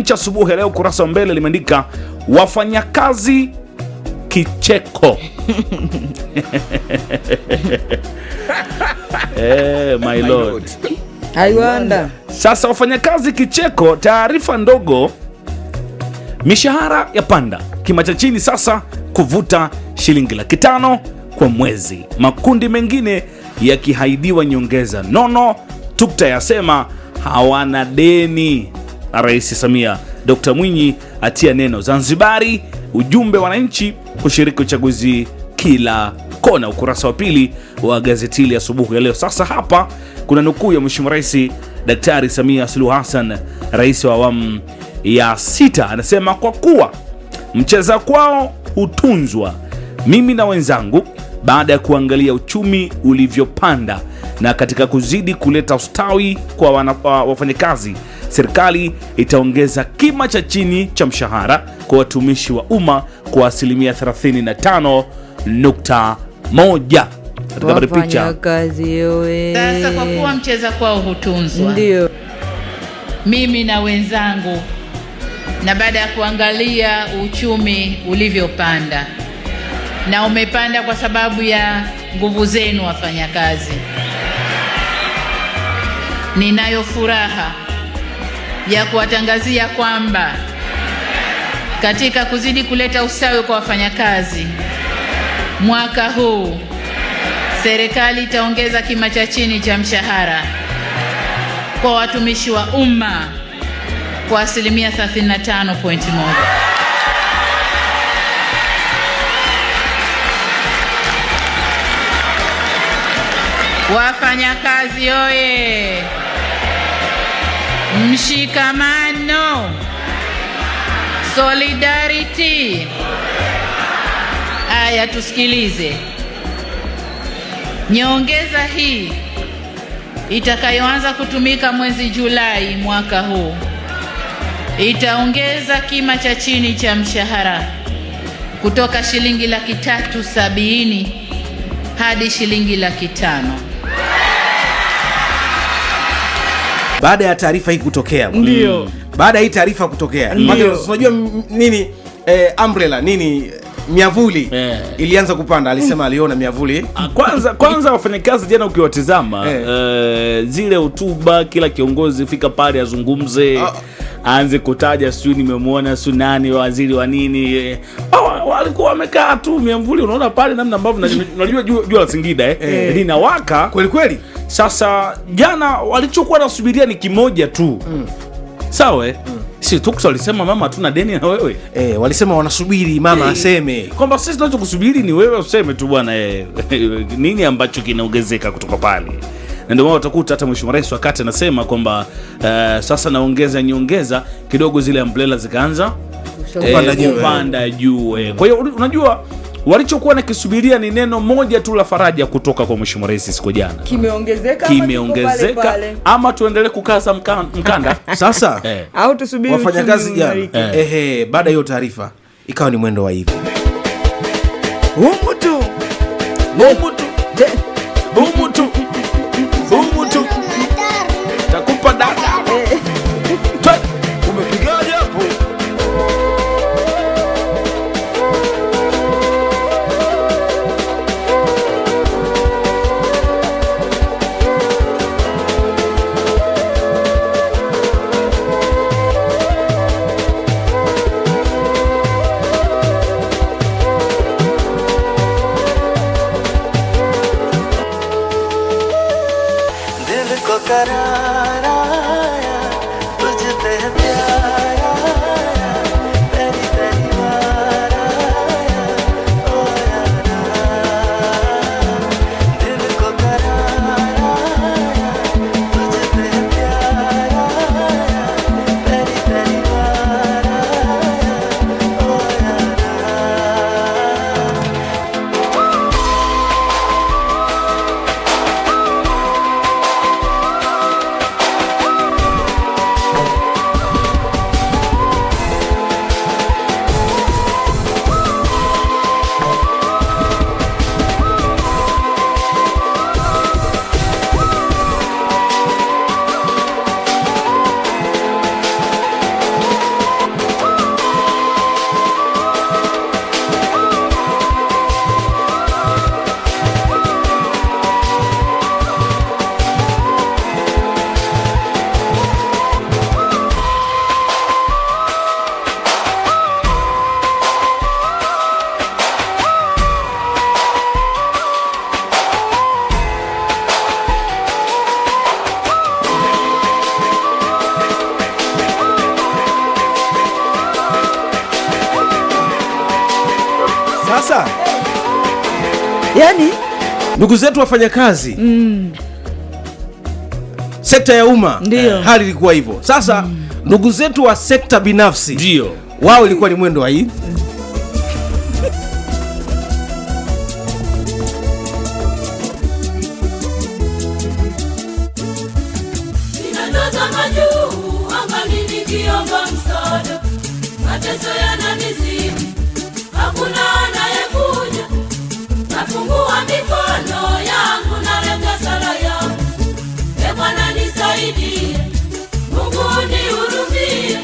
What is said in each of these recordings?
Nchi asubuhi ya leo kurasa wa mbele limeandika wafanyakazi kicheko. Hey, eh, my lord. wonder. Sasa wafanyakazi kicheko, taarifa ndogo, mishahara ya panda kima cha chini sasa kuvuta shilingi laki tano kwa mwezi, makundi mengine yakihaidiwa nyongeza nono. Tukta yasema hawana deni na Rais Samia. Dkt Mwinyi atia neno Zanzibari, ujumbe wananchi kushiriki uchaguzi kila kona. Ukurasa wa pili wa gazeti hili asubuhi ya leo. Sasa hapa kuna nukuu ya Mheshimiwa Rais Daktari Samia Suluhu Hassan, rais wa awamu ya sita, anasema kwa kuwa mcheza kwao hutunzwa, mimi na wenzangu baada ya kuangalia uchumi ulivyopanda na katika kuzidi kuleta ustawi kwa wafanyakazi serikali itaongeza kima cha chini cha mshahara kwa watumishi wa umma kwa asilimia 35.1 sasa kwa kuwa mcheza kwao hutunzwa, ndio mimi na wenzangu, na baada ya kuangalia uchumi ulivyopanda, na umepanda kwa sababu ya nguvu zenu wafanyakazi, ninayo furaha ya kuwatangazia kwamba katika kuzidi kuleta usawi kwa wafanyakazi, mwaka huu serikali itaongeza kima cha chini cha mshahara kwa watumishi wa umma kwa asilimia 35.1. Wafanyakazi oye! mshikamano, solidarity. Aya, tusikilize nyongeza hii itakayoanza kutumika mwezi Julai mwaka huu itaongeza kima cha chini cha mshahara kutoka shilingi laki tatu sabini hadi shilingi laki tano. baada ya taarifa hii kutokea, ndio mm. baada ya hii taarifa kutokea, unajua nini eh, umbrella nini miavuli yeah. Ilianza kupanda, alisema mm. aliona miavuli ah, kwanza kwanza. Wafanyakazi jana ukiwatizama yeah. Uh, eh, zile hotuba kila kiongozi fika pale azungumze uh, aanze kutaja, sijui nimemwona sijui nani waziri wa nini walikuwa wamekaa tu miamvuli, unaona pale namna ambavyo unajua jua la Singida eh, eh, linawaka kweli kweli. Sasa jana walichokuwa nasubiria ni kimoja tu mm. sawa eh? mm. Si Tucson walisema mama, hatuna deni na wewe eh, walisema wanasubiri mama eh, aseme kwamba sisi tunachokusubiri ni wewe useme tu bwana eh, nini ambacho kinaongezeka kutoka pale na ndio maana utakuta hata mheshimiwa rais wakati anasema kwamba uh, sasa naongeza nyongeza kidogo, zile umbrella zikaanza kupanda eh, juu. Eh. Kwa hiyo unajua walichokuwa nakisubiria ni neno moja tu la faraja kutoka kwa mheshimiwa rais siku jana, kimeongezeka kimeongezeka, ama tuendelee kukaza mkanda sasa eh, au tusubiri wafanyakazi jana eh, Ehe, baada ya hiyo taarifa ikawa ni mwendo wa hivi umutu umutu umutu ndugu zetu wafanyakazi mm. sekta ya umma eh, hali ilikuwa hivyo sasa mm. ndugu zetu wa sekta binafsi ndio wao ilikuwa ni mwendo wa hii mateso yananizidi, hakuna Fungua mikono yangu narega sala yangu, e Bwana nisaidie, Mungu nihurumie,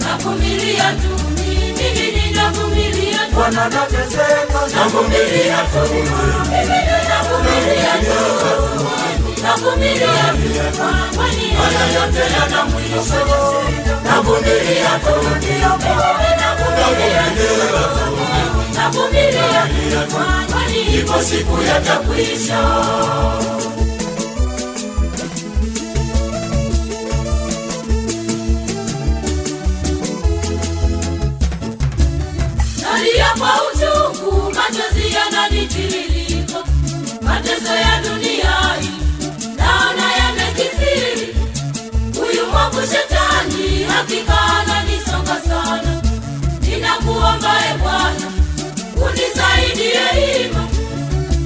navumilia tu mimi, navumilia tu Bwana, nateseka navumilia tu mimi, navumilia tu navumilia tu Bwana, yote yana mwisho, navumilia tu navumilia tu nitavumilia, kwani ipo siku yatakwisha. Nalia kwa uchungu, machozi yananitiririka, mateso ya dunia naona yamekithiri. Huyu mwovu Shetani hakika ananisonga sana, ninakuomba e Bwana nisaidie hima,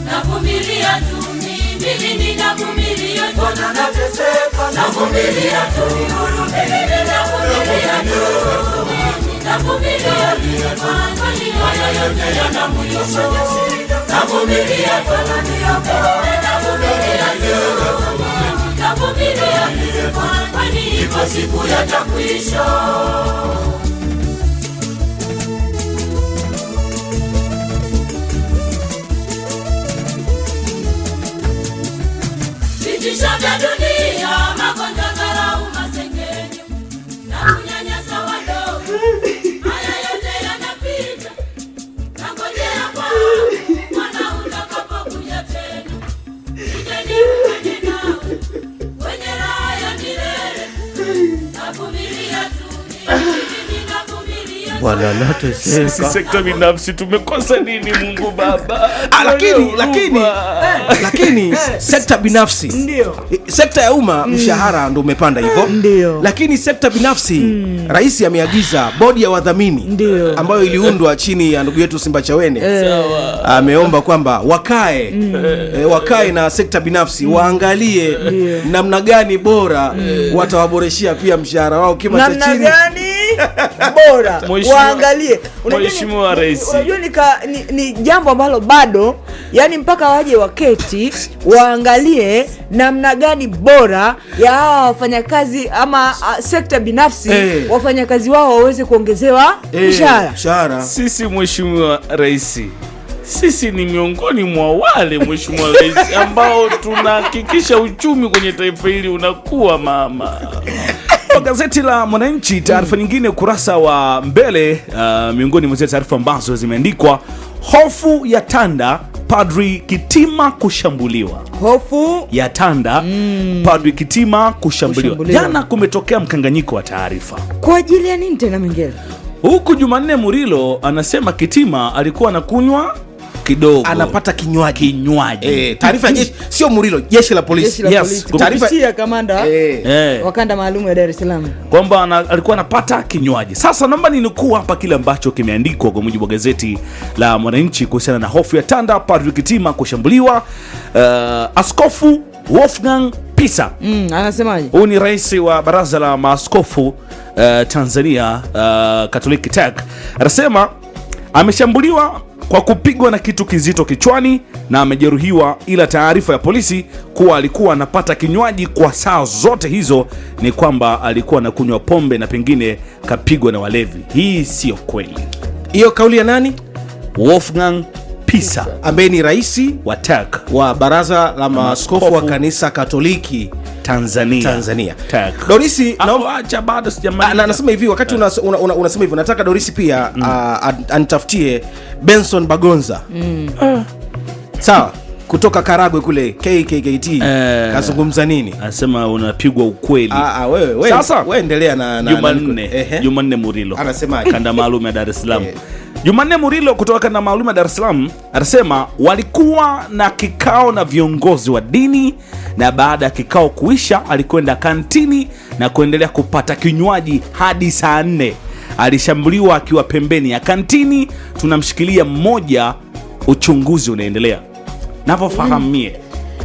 navumilia tu mimi, ninavumilia mbona nateseka, navumilia tu navumilia tu navumilia haya yote yana mwisho, navumilia tu navumilia tu, kwani ipo siku yatakwisha. Sisi sekta binafsi tumekosa nini, Mungu Baba? Ah, lakini lakini eh, lakini eh, eh, sekta binafsi ndio sekta ya umma mm. mshahara ndo umepanda hivyo ndio, lakini sekta binafsi mm. Rais ameagiza bodi ya wadhamini ndio, ambayo iliundwa chini ya ndugu yetu simba chawene ameomba kwamba wakae mm. wakae na sekta binafsi waangalie namna gani bora watawaboreshia pia mshahara wao kima cha chini bora waangalie. Mheshimiwa Rais, unajua ni, ni jambo ambalo bado yani mpaka waje waketi waangalie namna gani bora ya hawa wafanyakazi ama uh, sekta binafsi hey, eh. wafanyakazi wao waweze kuongezewa eh, mshahara Sisi Mheshimiwa Rais sisi ni miongoni mwa wale Mheshimiwa Rais ambao tunahakikisha uchumi kwenye taifa hili unakuwa mama kwa gazeti la Mwananchi, taarifa nyingine ukurasa wa mbele, uh, miongoni mwa zile taarifa ambazo zimeandikwa, hofu ya tanda Padri Kitima kushambuliwa. Hofu ya tanda mm. Padri Kitima kushambuliwa. Kushambuliwa. Jana kumetokea mkanganyiko wa taarifa kwa ajili ya nini tena Mingele, huku Jumanne Murilo anasema Kitima alikuwa anakunywa kidogo, anapata kinywaji kinywaji. E, taarifa sio Murilo, jeshi la polisi, kamanda eh. Eh. maalum ya Dar es Salaam kwamba alikuwa anapata kinywaji. Sasa naomba ninukuu hapa kile ambacho kimeandikwa kwa mujibu wa gazeti la Mwananchi kuhusiana na hofu ya Tanda Padri Kitima kushambuliwa. Uh, askofu Wolfgang Pisa mm, anasemaje? Huyu ni rais wa baraza la maaskofu uh, Tanzania uh, Katoliki TAG anasema ameshambuliwa kwa kupigwa na kitu kizito kichwani na amejeruhiwa, ila taarifa ya polisi kuwa alikuwa anapata kinywaji kwa saa zote hizo ni kwamba alikuwa anakunywa pombe na pengine kapigwa na walevi. Hii siyo kweli. Hiyo kauli ya nani? Wolfgang Pisa ambaye ni rais wa TAC wa baraza la maaskofu wa kanisa Katoliki Tanzania. Tanzania. Dorisi ah, naomba acha bado sijamaliza. Ah, na nasema hivi wakati unasema una, una, una hivi nataka Dorisi pia mm. uh, anitafutie Benson Bagonza. Mm. Uh. Sawa kutoka Karagwe kule KKKT eh, kazungumza nini? Anasema unapigwa ukweli. Ah ah, wewe wewe. Sasa wewe endelea na Jumanne Jumanne Murilo. anasema Kanda maalum ya Dar es Salaam. Eh. Jumanne Murilo kutoka na maaluma Dar es Salaam anasema walikuwa na kikao na viongozi wa dini, na baada ya kikao kuisha, alikwenda kantini na kuendelea kupata kinywaji hadi saa nne. Alishambuliwa akiwa pembeni ya kantini, tunamshikilia mmoja, uchunguzi unaendelea. Navyofahamu mm. mie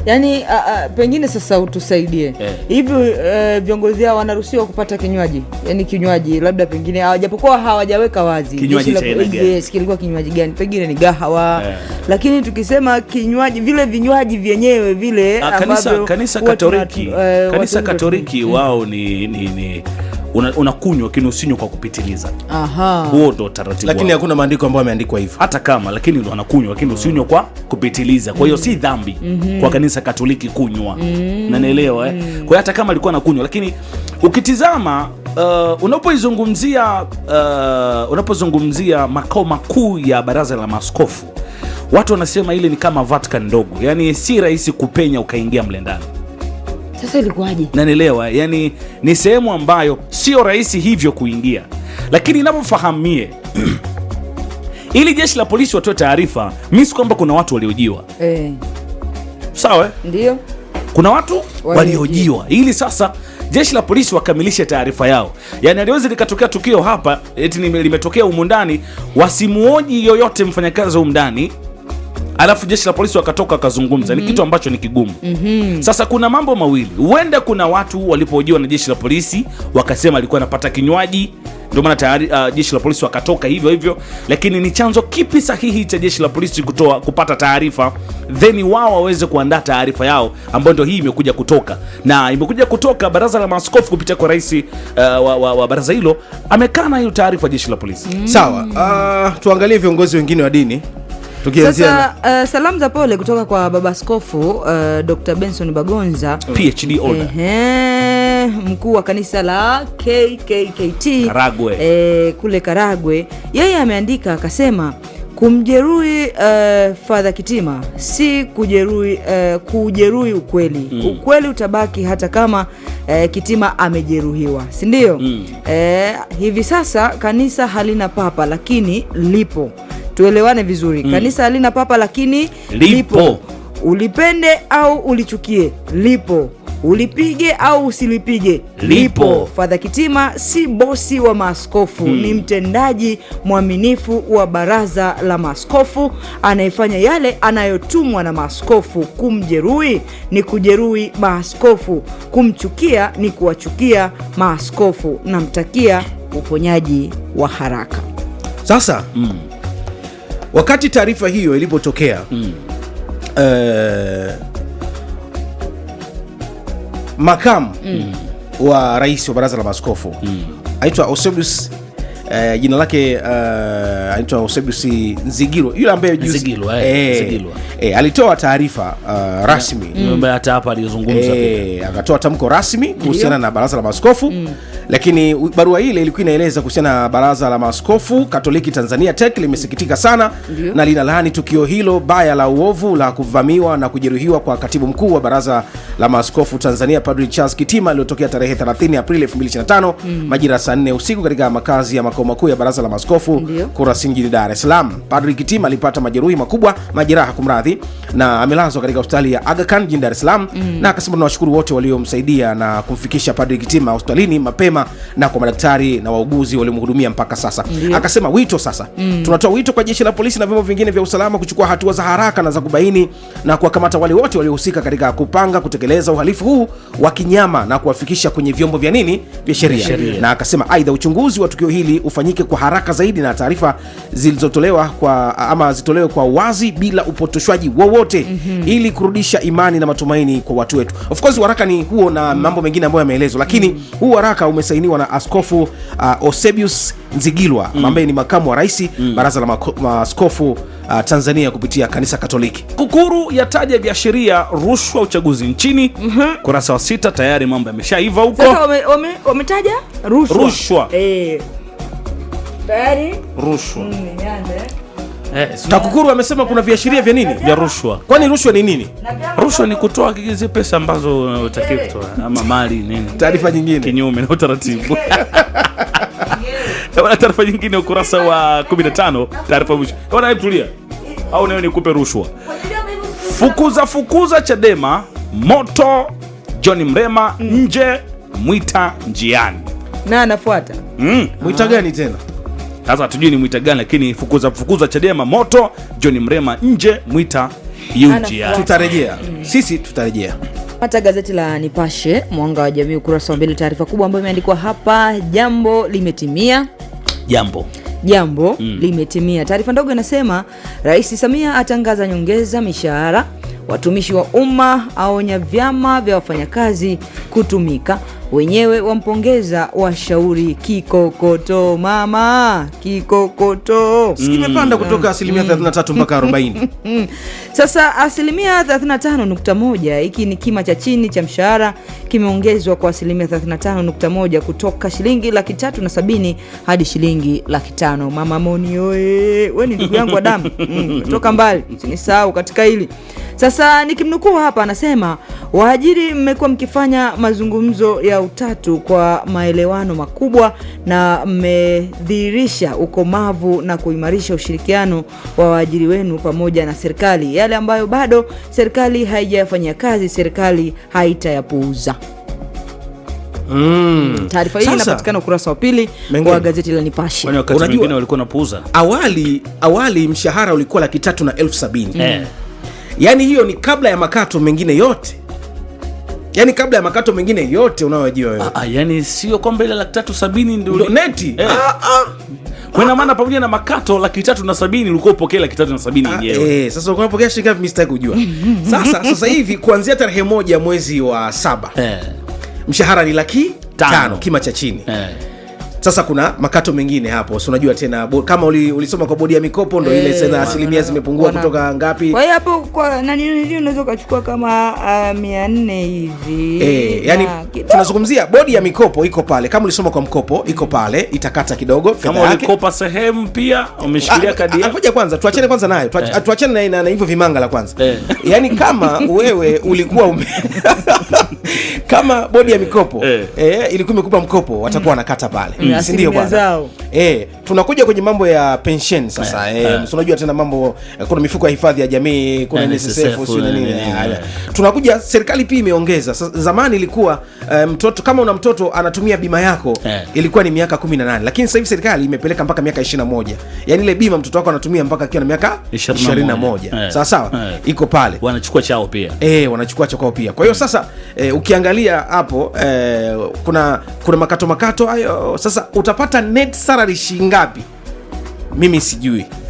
yani a, a, pengine sasa utusaidie eh. hivi E, viongozi hao wanaruhusiwa kupata kinywaji yani kinywaji labda pengine hawajapokuwa hawajaweka wazi kinywaji kilikuwa kinywaji gani, pengine ni gahawa yeah. Lakini tukisema kinywaji vile vinywaji vyenyewe vile ah, kanisa, kanisa Katoliki, tunat, eh, kanisa Katoliki wao ni, ni, ni unakunywa una lakini usinywe kwa kupitiliza. Huo ndo taratibu Lakini hakuna maandiko ambayo ameandikwa hivyo. Hata kama lakini wanakunywa lakini usinywe kwa kupitiliza. Kwa hiyo si dhambi mm -hmm. kwa kanisa Katoliki kunywa. Mm -hmm. nanaelewa eh. Mm -hmm. Kwa hiyo hata kama alikuwa anakunywa lakini ukitizama Uh, unapoizungumzia uh, unapozungumzia makao makuu ya Baraza la maskofu watu wanasema ile ni kama Vatican ndogo, yaani si rahisi kupenya ukaingia mle ndani. Sasa ilikuwaje? Nanielewa, yani ni sehemu ambayo sio rahisi hivyo kuingia, lakini inavyofahamie ili jeshi la polisi watoe taarifa, mi si kwamba kuna watu waliojiwa eh. Sawa, ndio kuna watu waliojiwa ili sasa jeshi la polisi wakamilishe taarifa yao. Yani aliwezi likatokea tukio hapa eti limetokea humu ndani, wasimuoji yoyote mfanyakazi humu ndani alafu jeshi la polisi wakatoka wakazungumza, mm -hmm. ni mhm. kitu ambacho ni kigumu mm -hmm. Sasa kuna mambo mawili, huenda kuna watu walipohojiwa na jeshi la polisi wakasema alikuwa anapata kinywaji ndio maana tayari uh, jeshi la polisi wakatoka hivyo hivyo, lakini ni chanzo kipi sahihi cha jeshi la polisi kutoa kupata taarifa then wao waweze kuandaa taarifa yao ambayo ndio hii imekuja kutoka na imekuja kutoka baraza la maaskofu kupitia kwa rais uh, wa, wa, wa baraza hilo amekaa na hiyo taarifa jeshi la polisi mm. Sawa, uh, tuangalie viongozi wengine wa dini sasa uh, salamu za pole kutoka kwa baba skofu uh, eh, Dr. Benson Bagonza PhD holder mkuu wa kanisa la KKKT Karagwe. Eh, kule Karagwe yeye ameandika akasema kumjeruhi uh, eh, Fadha Kitima si kujeruhi uh, kujeruhi ukweli mm. Ukweli utabaki hata kama uh, Kitima amejeruhiwa, si mm. Eh, hivi sasa kanisa halina papa lakini lipo tuelewane vizuri mm. Kanisa halina papa lakini lipo, lipo. Ulipende au ulichukie lipo, ulipige au usilipige lipo. Fadha Kitima si bosi wa maaskofu hmm. Ni mtendaji mwaminifu wa baraza la maaskofu anayefanya yale anayotumwa na maaskofu. Kumjeruhi ni kujeruhi maaskofu, kumchukia ni kuwachukia maaskofu. Namtakia uponyaji wa haraka sasa hmm. Wakati taarifa hiyo ilipotokea mm. uh, makamu mm. wa rais wa baraza la maskofu mm. aitwa osebus uh, eh, jina lake uh, eh, anaitwa osebus Nzigilwa yule ambaye eh, eh, alitoa taarifa uh, rasmi mm. eh, akatoa tamko rasmi kuhusiana na baraza la maskofu mm lakini barua ile ilikuwa inaeleza kuhusiana na Baraza la Maaskofu Katoliki Tanzania tek limesikitika sana Ndiyo. na linalaani tukio hilo baya la uovu la kuvamiwa na kujeruhiwa kwa katibu mkuu wa Baraza la Maaskofu Tanzania Padri Charles Kitima lililotokea tarehe 30 Aprili 2025 mm. majira saa 4 usiku katika makazi ya makao makuu ya Baraza la Maaskofu Kurasini jijini Dar es Salaam. Padri Kitima alipata majeruhi makubwa, majeraha kumradhi, na amelazwa katika hospitali ya agakan Khan jijini Dar es Salaam mm. na akasema tunawashukuru wote waliomsaidia na kumfikisha Padri Kitima hospitalini mapema mapema na kwa madaktari na wauguzi waliomhudumia mpaka sasa. Ndiyo. Akasema wito sasa, mm. tunatoa wito kwa jeshi la polisi na vyombo vingine vya usalama kuchukua hatua za haraka na za kubaini na kuwakamata wale wote waliohusika katika kupanga kutekeleza uhalifu huu wa kinyama na kuwafikisha kwenye vyombo vya nini vya sheria. Na akasema aidha, uchunguzi wa tukio hili ufanyike kwa haraka zaidi na taarifa zilizotolewa kwa ama zitolewe kwa wazi bila upotoshwaji wowote, mm -hmm. ili kurudisha imani na matumaini kwa watu wetu. Of course waraka ni huo na mm. mambo mengine ambayo yameelezwa, lakini mm -hmm. huu waraka ume yalisainiwa na Askofu uh, osebius Nzigilwa mm. ambaye ni makamu wa rais mm. baraza la maaskofu uh, Tanzania kupitia kanisa Katoliki. taja yataja viashiria rushwa uchaguzi nchini mm -hmm. Kurasa wa sita, tayari mambo yameshaiva huko. wametaja rushwa, rushwa. Eh. Hey. Tayari rushwa mm, Eh, TAKUKURU amesema kuna viashiria vya nini? Vya rushwa. Kwani rushwa ni nini? Rushwa ni kutoa kigezi pesa ambazo unatakiwa kutoa ama mali nini. Taarifa nyingine kinyume na utaratibu. Bwana, taarifa nyingine ukurasa wa 15, taarifa mwisho. Bwana, hebu tulia. Au nayo nikupe rushwa. Fukuza fukuza Chadema, moto John Mrema nje, Mwita njiani. Na anafuata. Mm. Mwita gani tena? Sasa hatujui ni mwita gani, lakini fukuza fukuza Chadema moto, John Mrema nje, mwita Yuji. Tutarejea mm. sisi, tutarejea hata gazeti la Nipashe Mwanga wa Jamii ukurasa wa mbele, taarifa kubwa ambayo imeandikwa hapa, jambo limetimia, jambo jambo mm, limetimia. Taarifa ndogo inasema Rais Samia atangaza nyongeza mishahara watumishi wa umma, aonya vyama vya wafanyakazi kutumika wenyewe wampongeza washauri kikokoto mama kikokoto mm. kutoka asilimia 33 mm. mpaka 40. Sasa asilimia 35.1, hiki ni kima cha chini cha mshahara kimeongezwa kwa asilimia 35.1 kutoka shilingi laki tatu na sabini hadi shilingi laki tano. Mama Moni oye, we ni ndugu yangu wa damu mm, toka mbali, usinisahau katika hili. Sasa nikimnukuu hapa, anasema waajiri, mmekuwa mkifanya mazungumzo ya ya utatu kwa maelewano makubwa na mmedhihirisha ukomavu na kuimarisha ushirikiano wa waajiri wenu pamoja na serikali. Yale ambayo bado serikali haijayafanyia kazi, serikali haitayapuuza. Mm. mm taarifa hii inapatikana ukurasa wa pili wa gazeti la Nipashe. Unajua walikuwa napuuza. Awali, awali mshahara ulikuwa laki tatu na elfu sabini. Mm. Yaani hiyo ni kabla ya makato mengine yote yani kabla ya makato mengine yote unayojua wewe. Ah, ah yani sio kwamba ile laki tatu sabini ndio neti eh. Ah, ah. Kwa maana pamoja na makato laki tatu na sabini ulikuwa upokea laki tatu na sabini ah, yenyewe. Eh, sasa ulikuwa unapokea shilingi ngapi mimi sitaki kujua. Mm, mm, mm. Sasa sasa hivi kuanzia tarehe moja mwezi wa saba eh, mshahara ni laki tano, tano kima cha chini eh. Sasa kuna makato mengine hapo, si unajua tena bo, kama ulisoma uli, kwa bodi ya mikopo ndo ile eh, sasa asilimia zimepungua kutoka ngapi? Kwa hiyo hapo kwa nani ndio unaweza kuchukua kama 400 ah, hivi. Eh, yani ah, tunazungumzia bodi ya mikopo iko pale, kama ulisoma kwa mkopo iko pale, itakata kidogo Kama ulikopa sehemu pia umeshikilia ah, kadi yako. Ngoja kwanza tuachane kwanza nayo, eh. tuachane na hivyo vimanga la kwanza. Eh. yani kama wewe ulikuwa ume kama bodi ya mikopo eh, ilikuwa imekupa mkopo watakuwa mm. wanakata pale assim mm. asimilizawo eh, tunakuja kwenye mambo ya pension sasa. Eh, eh, eh. unajua tena mambo eh, kuna mifuko ya hifadhi ya jamii, kuna eh, NSSF, sio nini. Tunakuja serikali pia imeongeza. Zamani ilikuwa eh, mtoto kama una mtoto anatumia bima yako eh, ilikuwa ni miaka 18, lakini sasa hivi serikali imepeleka mpaka miaka 21. Yaani ile bima mtoto wako anatumia mpaka akiwa na miaka 21. Sawa sawa. Eh, Iko pale. Wanachukua chao pia. Eh, wanachukua chao pia. Kwa hiyo sasa eh, ukiangalia hapo eh, kuna kuna makato makato hayo sasa utapata net salary dolari shingapi Mimi sijui.